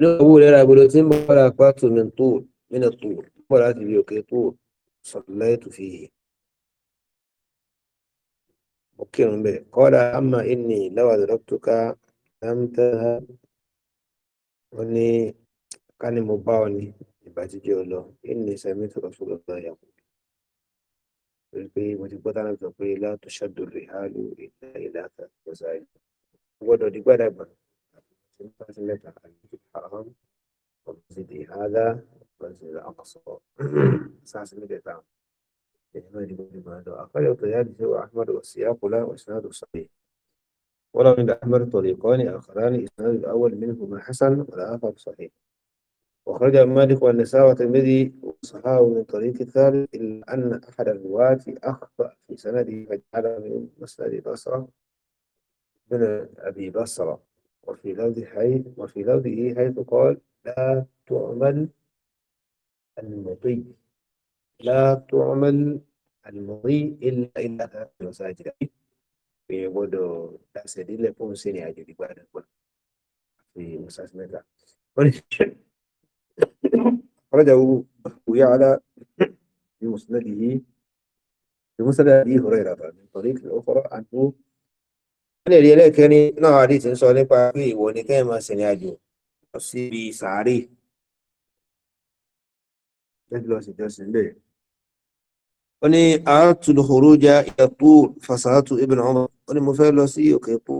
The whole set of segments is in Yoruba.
oníwàwú rẹ̀ ra ìbòdó tí ń bọ̀ lára apá tòmí tó nínú tó bọ̀ láti ibi òkè tó sọ̀tùláì tó fi yìí. mo kírun bẹ́ẹ̀ kọ́dà àmà ìní láwà dọ́kítọ́ká láńtà ó ní ká ní mo bá ọ ní ìbàjíjẹ́ ọ lọ ìní sẹ́mi tó kọ́ fún ọ̀gá ìyàwó pé mo ti gbọ́ dáná sọ pé látúnṣàdùn rẹ̀ hálù ìlà ìlà àtàkùn ọ̀sà yìí gbọ́dọ̀ dìgbàdàgbà سميت إيه هذا المسجد الأقصى ساعة سميت الإمام وأحمد والسياق له وإسناده صحيح ولو من أحمد طريقان آخران إسناد الأول منهما حسن والآخر صحيح وخرج مالك والنساء والترمذي وصحاه من طريق الثالث إلا أن أحد الرواة أخطأ في سنده فجعله من مسند بصرة من أبي بصرة وفي لفظ حي وفي لفظه إيه حيث قال لا تعمل المضي لا تعمل المضي الا الى المساجد في بود تسدي له يكون سيني اجي دي بعد قول في مساجد رجعوا ويا على في مسنده في مسند ابي هريره من طريق الاخرى عنه lè rí ẹlẹ́kẹ́rin náà wà dìtì ń sọ nípa pé ìwọ ni kẹ́hìn máa sìnrìn àjò lọ síbi sàárè lẹ́jọ́ lọ sí ìjọsìn bẹ́ẹ̀. ó ní àátùlù horoja ìyàpò fasahatu ibn ọmọ ó ní mo fẹ́ lọ sí òkè pò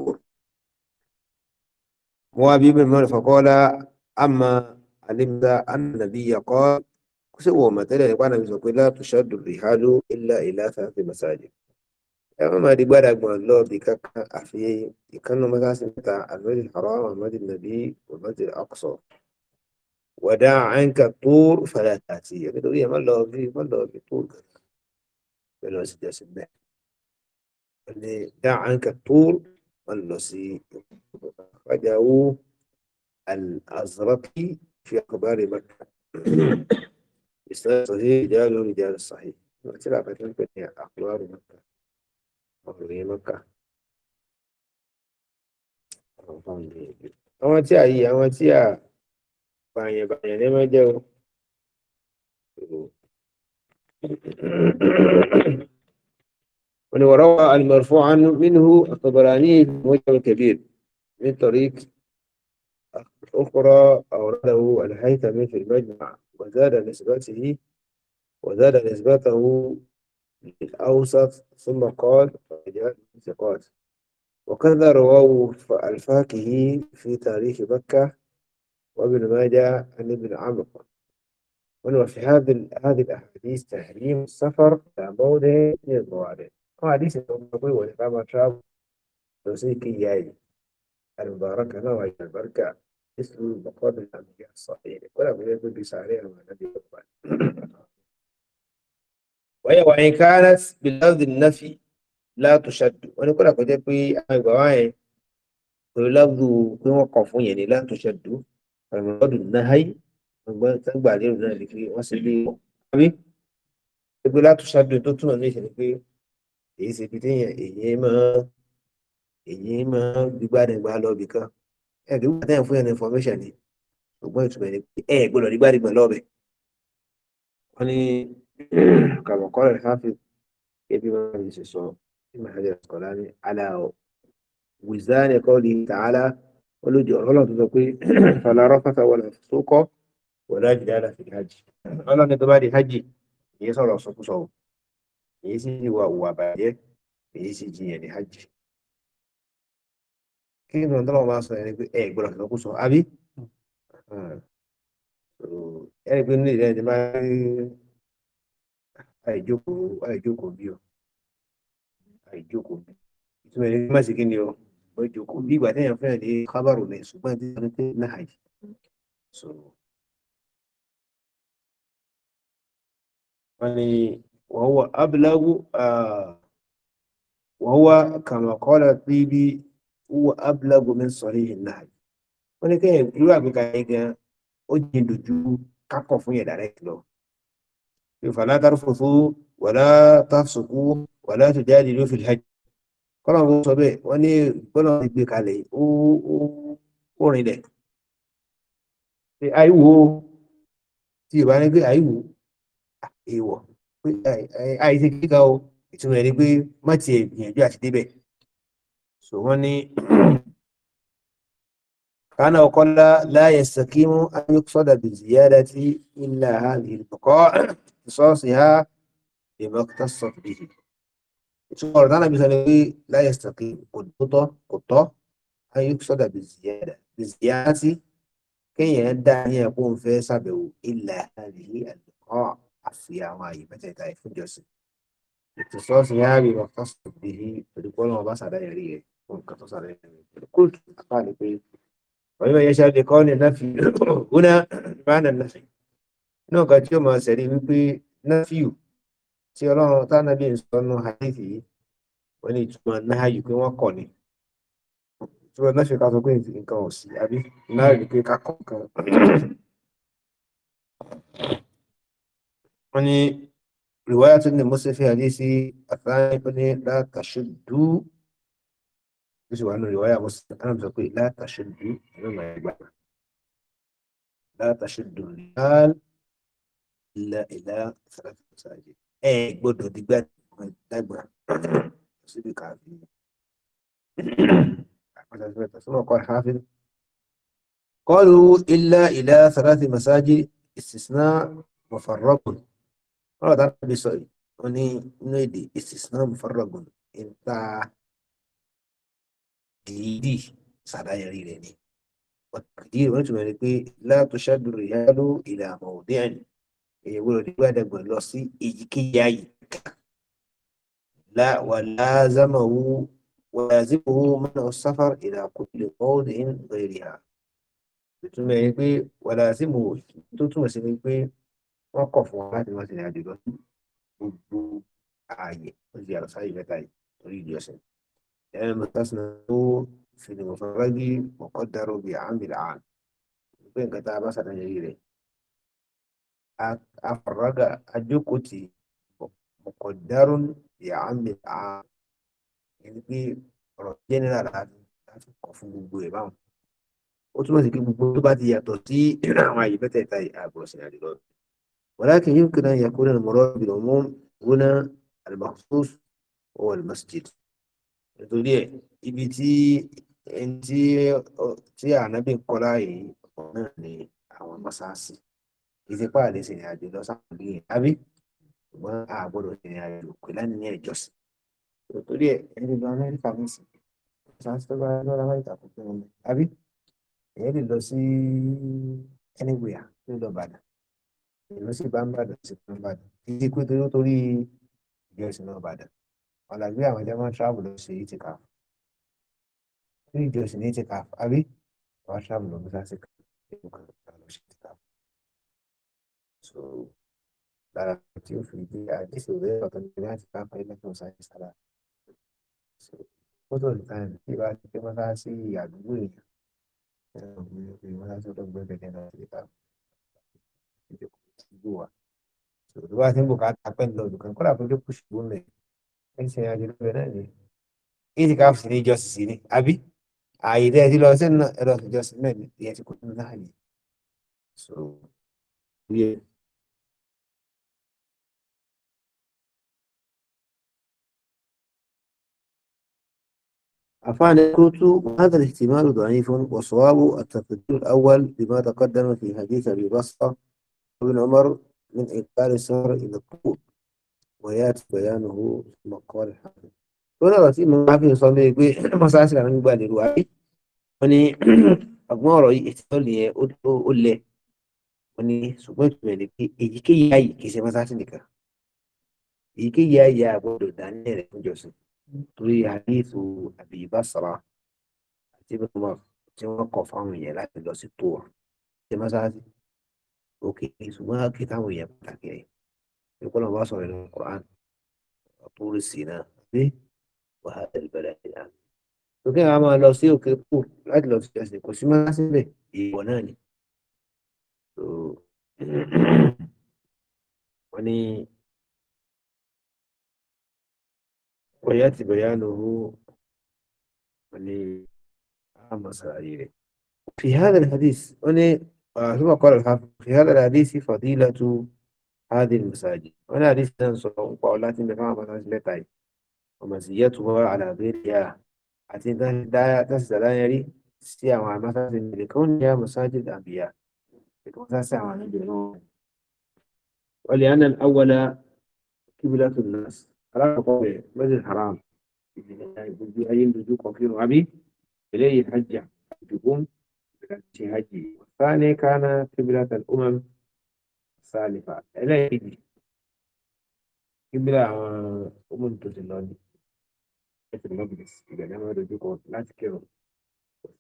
mo wá bí ibn mọ́rin fàkọ́lá àmà alimta annabi yakọ́ kó sì wọ̀ mọ̀tẹ́lẹ̀ nípa nàbí sọ pé látúṣàdùn ìhádó ilá ìlà sàfihàn masajid. أما دي بارك من الله دي كاكا أفيه دي كانوا مغاسي متاع المجد الحرام والمجد النبي والمجد الأقصى وداع عنك الطور فلا تأتي يقولوا إيه ما الله بي ما الله بي طور فلو سيدي سنه اللي داع عنك الطور والنسي رجعوا الأزرقي في أخبار مكة الإسلام الصحيح جاء لهم جاء الصحيح ما تلعب أخبار مكة ọ̀rẹ́mọ́kà àwọn tí a yí àwọn tí a bàyàn bàyàn ní máa jẹ́ o ونروى المرفوع منه الطبراني الموجب الكبير من طريق أخرى أورده الهيثمي في المجمع وزاد نسبته وزاد نسبته الأوسط ثم قال رجال ثقات وكذا رواه الفاكهي في تاريخ مكة وابن ماجه عن ابن عمرو وفي هذه هذه الأحاديث تحريم السفر إلى موضع من الموارد وحديث النبوي والإمام الشاب توسيكي يعني المباركة نوع البركة مثل مقابل الأنبياء الصالحين ولا بد بسعرها عليها النبي wáyé wà ní kánát bíláàdì náfì látò ṣàdù wọn ni kódà kó jẹ́ pé àwọn ìgbà wáyẹn pẹ̀lú láàbù pé wọ́n kàn fún yẹn ní látò ṣàdù ọ̀rọ̀mọdún náháyé ọgbọ́n tágbà lérò náà ni pé wọ́n ṣe lé wọn àbí pé látò ṣàdù tó túnmọ̀ ní ìṣẹ̀lẹ̀ pé èyí ṣe fi téèyàn èyí máa èyí máa gbígbádẹ́gbá lọ bìkan ẹ̀ẹ́dẹ́gbà information ni ṣùgbọ́n ìtumọ̀ ni pé ẹ̀ẹ́gbọ́dọ̀ e, كما قال الحافظ ابن ابن حجر الاسقلاني على وزان قوله تعالى olójú ọ̀rọ̀ lọ́nà tó sọ pé falarọ́fàtà wọlé sókọ́ wọlé jìdára fi hajj ọlọ́ni tó bá di hajj èyí sọ̀rọ̀ sọkúsọ èyí sì wà wà bàjẹ́ èyí sì jiyàn ní hajj. kí ni tọ́lọ́ máa sọ ẹni pé ẹ gbọ́dọ̀ sọkúsọ àbí ẹni pé nílẹ̀ ẹni máa ń àìjókòó àìjókòó bí o àìjókòó bí ìtumọ̀ ẹni má sì kí ni o ó jókòó bí ìgbà téèyàn fẹ́ràn ní kábàrò ní ṣùgbọ́n tí wọ́n ti náà yìí so. wọ́n ní wọ́n wọ abúláwò wọ́n wá kàmọ̀kọ́lá bíbí wọ́n abúláwò mi sọ̀rọ̀ yìí náà yìí wọ́n ní kéèyàn irú àgbékalẹ̀ gan ó jìn dojú kákọ̀ fún yẹn فلا tàrúfòfó ولا تفسقوا ولا tùjáde في الحج. hajj kọ́nà bó sọ bẹ́ẹ̀ wọ́n ní kọ́nà ìgbé kalẹ̀ ó rinlẹ̀ pé àìwò tí ìbá ní pé àìwò èèwọ̀ pé àìsí kíkà o ìtumọ̀ ẹni pé má tiẹ̀ gbìyànjú àti débẹ̀ so wọ́n ní kana ọkọ́lá láyẹ̀ sàkímù ayọ́sọ́dà bìzìyàdá tí ilà hàn ìlùkọ́ اختصاصها بما اختصت به ìtumọ̀ ọ̀rọ̀ tánàbí sọ ni pé láyé sàkè kò tọ́ kò tọ́ ayé sọ́dà bí ziyada bí ziyada sí kéèyàn dá ní ẹ̀kọ́ ń fẹ́ sàbẹ̀wò ilẹ̀ àlèyé àlùkọ́ àfi àwọn àyè mẹ́tẹ̀ẹ̀ta ìfúnjọsìn ètò sọ́ọ̀sì yá rí ọ̀tọ́ sọ̀bì yìí pẹ̀lú pọ́nlọ́ ọba sàdáyẹ̀ rí ẹ̀ fún nǹkan tó inú ọ̀gá tí ó máa ṣẹ̀rí wípé náfíù tí ọlọ́run tánàbí ń sọ nù hadith yìí wọ́n ní ìtumọ̀ náhàyù pé wọ́n kọ̀ ni ìtumọ̀ náà fi ká sọ pé nǹkan ò sí àbí náà rí pé ká kọ̀ nǹkan. wọ́n ní rìwáyà tó ní mọ́sẹ̀ fi hadith sí àtàlẹ́ tó ní látàṣẹ́dú ó sì wà nù rìwáyà mọ́sẹ̀ tánàbí sọ pé látàṣẹ́dú ẹ̀rọ màá gbà látàṣẹ́dú rìwáyà ilá ilá ṣáájú ẹ gbọ́dọ̀ dìgbà dàgbà síbi káàfin قالوا إلا إلى ثلاث مساجد استثناء مفرق قال ربي سوي أني نيدي استثناء مفرق أنت ديدي سرايا ريني والتقدير ونتمنى لا تشد الرجال إلى موضع èyí gbọ́dọ̀ ní gbàdàgbà lọ sí èyíkéyìí ààyè لا ولازمه ولازمه منع السفر إلى كل موضع غيرها ìtumọ̀ ẹni pé wàlásìmù tó túmọ̀ sí ni pé wọ́n kọ̀ fún wa láti máa ṣe ìrìnàjò lọ sí gbogbo ààyè ó di àlọ́sáyè mẹ́ta yìí torí ìdí ọ̀sẹ̀ ẹ̀rọ mọ̀tásínà tó fìdíwọ̀ fọ́nrẹ́gì mọ̀kọ́ dárò bíi àmì làán pé nǹkan tá a bá ṣàdáyẹrí rẹ̀ afaraga ajókòtì mọ̀kọ̀dárún ìyáàmì àá ẹni pé ọ̀rọ̀ general láti kọ̀ fún gbogbo ẹ̀ báwọn ó túmọ̀ sí pé gbogbo tó bá ti yàtọ̀ sí àwọn àyè mẹ́tẹ̀ẹ̀ta àgbọ̀nsìn àdìlọ́ ولكن يمكن أن يكون المراد بالعموم هنا المخصوص هو المسجد nítorí ẹ̀ ibi tí ẹni tí ànábì ń kọ́lá yìí ọ̀nà ni àwọn mọ́sáàsì ìsìnpá àlè ṣe ìrìn àjò lọ sáwọn ìlú yẹn àbí ṣùgbọ́n a gbọ́dọ̀ ṣe ìrìn àjò pé láti ní ẹ̀jọ̀sìn torí ẹ̀ ẹni lọ amẹ́ríkà mi sì sanskrit bá lọ amẹ́ríkà kò tó wọn àbí èyí lè lọ sí anywhere ní lọ bàdàn èyí lọ sí bàbàdàn sí bàbàdàn títí pé torí ó torí ìjọsìn náà bàdàn ọ̀làgbé àwọn ẹja máa ń travel lọ sí itikaf torí ìjọsìn ní itikaf àbí wọ́n travel lọ sí itikaf so lára tí ó fi di àdéṣe òwe ọ̀tọ̀ ní láti bá parí lẹ́kọ̀ọ́ sáyé sára so most of the time tí ìbá ti pé mọ́tá sí àdúgbò èèyàn ẹ̀rọ mi ò pé mọ́tá tó dọ́gbọ́n bẹ̀rẹ̀ náà ti ta ìjókòó ti gbó wa so tó bá ti ń bò ká ta pẹ́ lọ nìkan kọ́lá fún jókòó ṣùgbọ́n mẹ́ ẹ̀ ń ṣe ìrìn àjò lóbẹ̀ náà ni èyí ká sì ní ìjọsìn sí ni àbí ààyè tẹ́ ẹ so. Yeah. عفان قلت هذا الاحتمال ضعيف وصواب التقدير الأول بما تقدم في حديث أبي بصرة وابن عمر من إقبال السهر إلى الطول ويأتي بيانه ثم قال الحافظ ولا بس ما في صلى الله عليه وسلم مسألة عن يبالي الوعي وني أقمار احتمال لي أقول له وني سبحانه وتعالى إيجيكي ياي كيسي مسألة نكا إيجيكي ياي يا أبو دانير جوسن torí àyíṣò àbí ìbásara àti ibn Umar tí wọ́n kọ̀ fáwọn èèyàn láti lọ sí tóor ṣe mọ́sáàsì òkè ṣùgbọ́n kí táwọn èèyàn pàtàkì rẹ̀ ìkọ́ bá sọ̀rọ̀ nínú Quran àtúrò sí náà pé wàhálà ìbẹ̀rẹ̀ ìlà òkè àwọn máa lọ sí òkè kù láti lọ sí ẹsẹ̀ kò sí mọ́sáàsì bẹ̀ ìwọ̀ náà ni wọ́n ní. ويأتي بيانه لعامة في هذا الحديث أني آه، ثم قال الحافظ في هذا الحديث فضيلة هذه المساجد وأنا حديث تنصر وقالات بفهم مساجد لتاي ومزيتها على غيرها حتي dáṣìdáyà rí sí àwọn àmásáṣe ní ìlẹ̀kùn ní àmọ́sájì àbíyá ìkọ́ sáṣẹ alákọ̀ọ́kọ́ rẹ̀ mẹ́sẹ̀ haram ìgbójú ayé ń dojú kọ kírun àbí eléyìí hajjá ìdìbòm ìrántí hajj sáni kánà kíbílà tàbí umam sálífà eléyìí kíbílà àwọn umam tó ti lọ ní ẹsẹ̀ mọ́bìlis ìgbàgbọ́ máa dojú kọ láti kírun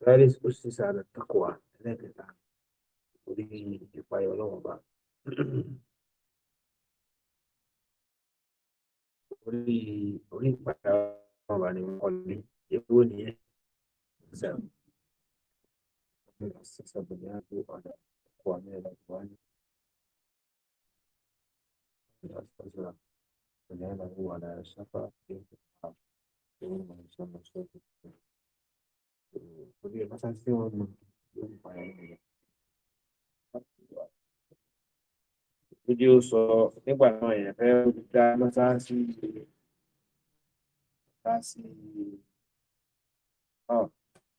sáré ó sì sára takuwa ẹlẹ́kẹta orí ìpayọ̀ ọlọ́wọ́ bá. orí orí ìpàdé ọ̀rọ̀ wà ní wọ́n lé ewu nìyẹn ṣe ṣàbẹ̀lẹ̀ àgbo ọ̀dà ọkọ̀ àmì ẹ̀rọ tó wáyé. فلهذا هو على شفا يمكن الحرب يقول ما يسمى شوكة مثلا سوى يوم ما يعمل lójú ó sọ nígbà náà yẹn fẹ́ dá mọ́sáàsì mọ́sáàsì ọ̀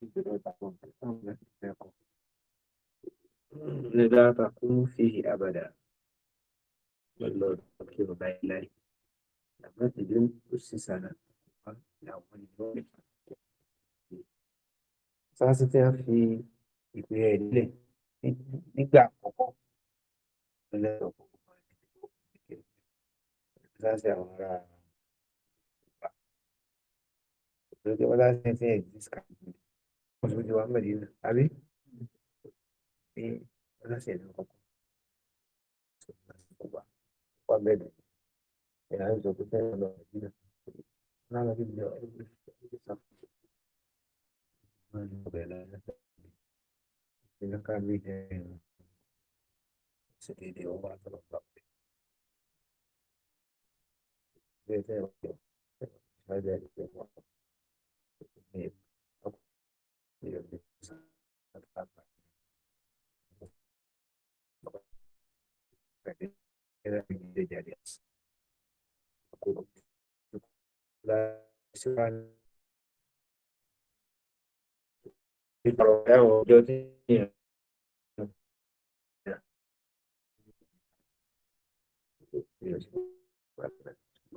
ìgbèrò ìtàkùn ìtàkùn ẹ̀kọ́. Nígbà takùn fi àbàdà lọ́lọ́ kí o láyé láyé. Àmọ́ ìdí ó sì sànà wá àwọn ìlú rẹ̀. Sáàsì tí a fi ìpè nílẹ̀ nígbà àkọ́kọ́ lọ́lọ́ àkọ́kọ́ láti àwọn ará wa. Òṣèlú tí wọ́n láti ń sìn exist káàkiri. Wọ́n tún ti wá mẹ́rin náà, àbí? Ní wọ́n láti ẹ̀dùn kọ̀ọ̀kan. Kúbà, wà bẹ́ẹ̀ Ìyá ń sọ pé sẹ́yìn lọ Nàìjíríà. Lára bí mi Terima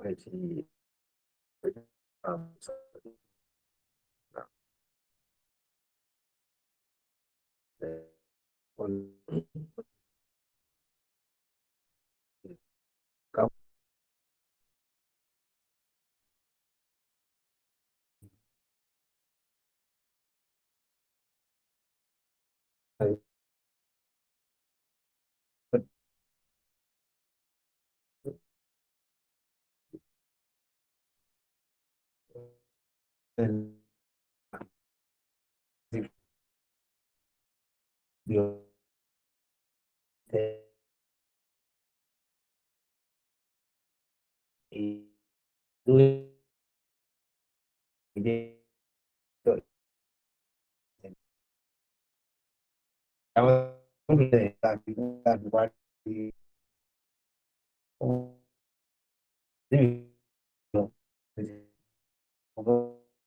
ให้ที่ตามคน điều thế thì tôi đi tội cảm ơn làm chúng ta qua thì không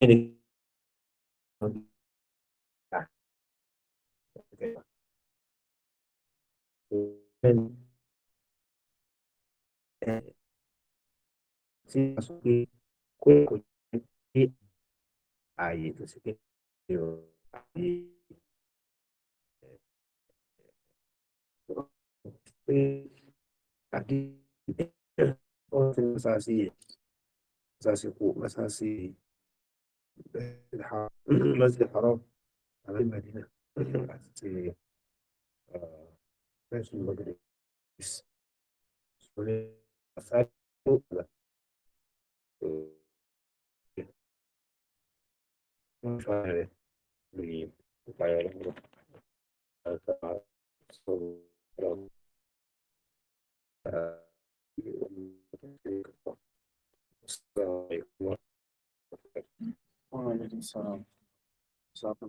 Okay. Sim, aqui, cueco, e aí, você que eu aí, aqui, você não sabe se, sabe se, sabe se, المسجد الحرام على المدينة الأساسية آه، ماشي المجلس أفعال مش عارف مين Thank you. آه، Aleyküm selam. Zaten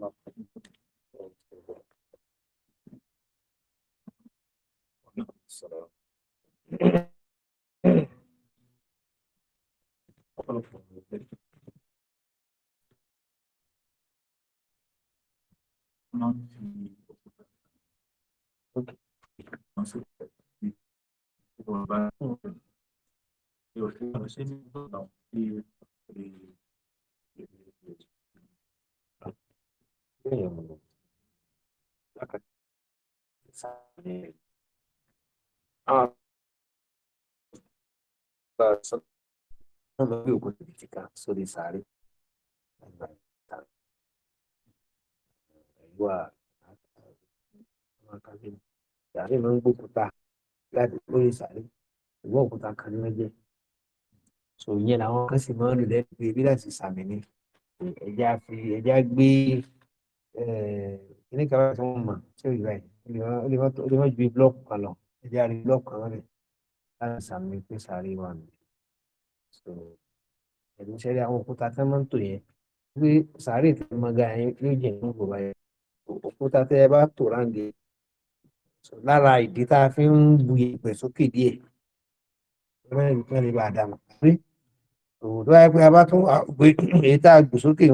selam. Nasıl? Yok, Okay. Okay. Ganyan mo nun. Bakit? Sabi. Ah. Sa ano òkúta kan ní wẹ́jẹ́. So ìyẹn làwọn kan sì máa ń lò lẹ́nu pé bí láti sàmì ni. Ẹja fi gbé Eh, kíní kan báyìí tí wọ́n mọ̀ tí ó yìí báyìí ó lè má ju bí búlọ́ọ̀kù kan lọ ẹ̀jẹ̀ àrí búlọ́ọ̀kù kan lọ́lẹ̀ láti sàmì pé sàárè wà nù. ẹ̀dùn sẹ́rí àwọn òkúta tí wọ́n máa ń tò yẹn pé sàárè tí wọ́n máa ga yẹn yóò jẹ́ ìlú kò báyẹn òkúta tẹ́ ẹ bá tò ráǹgẹ̀ lára ìdí tá a fi ń bu ìpè sókè díẹ̀ wọ́n lè bá a dà mọ̀ pé òwò tó wáyé pé a bá tún gbé èyí tá a gbò sókè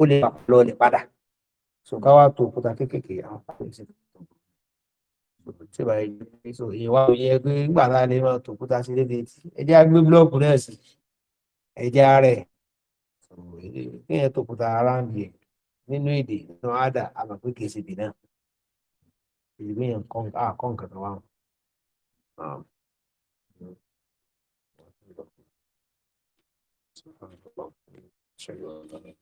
ó lè pàpọ̀ lọ lè padà so ká wá tó òkúta kéékèèké àwọn fáwọn ìṣẹ̀lẹ̀ tí so ìwà òye pé nígbà tá a lè máa tó òkúta sí léde tí ẹjẹ á gbé búlọ́ọ̀kù náà sí ẹjẹ á rẹ̀ kéèyàn tó òkúta ara ń bìí nínú èdè nínú àdà àmàpé kìí bì náà èyí yẹn kọ́ àkọ́ nǹkan kan wà. Thank you.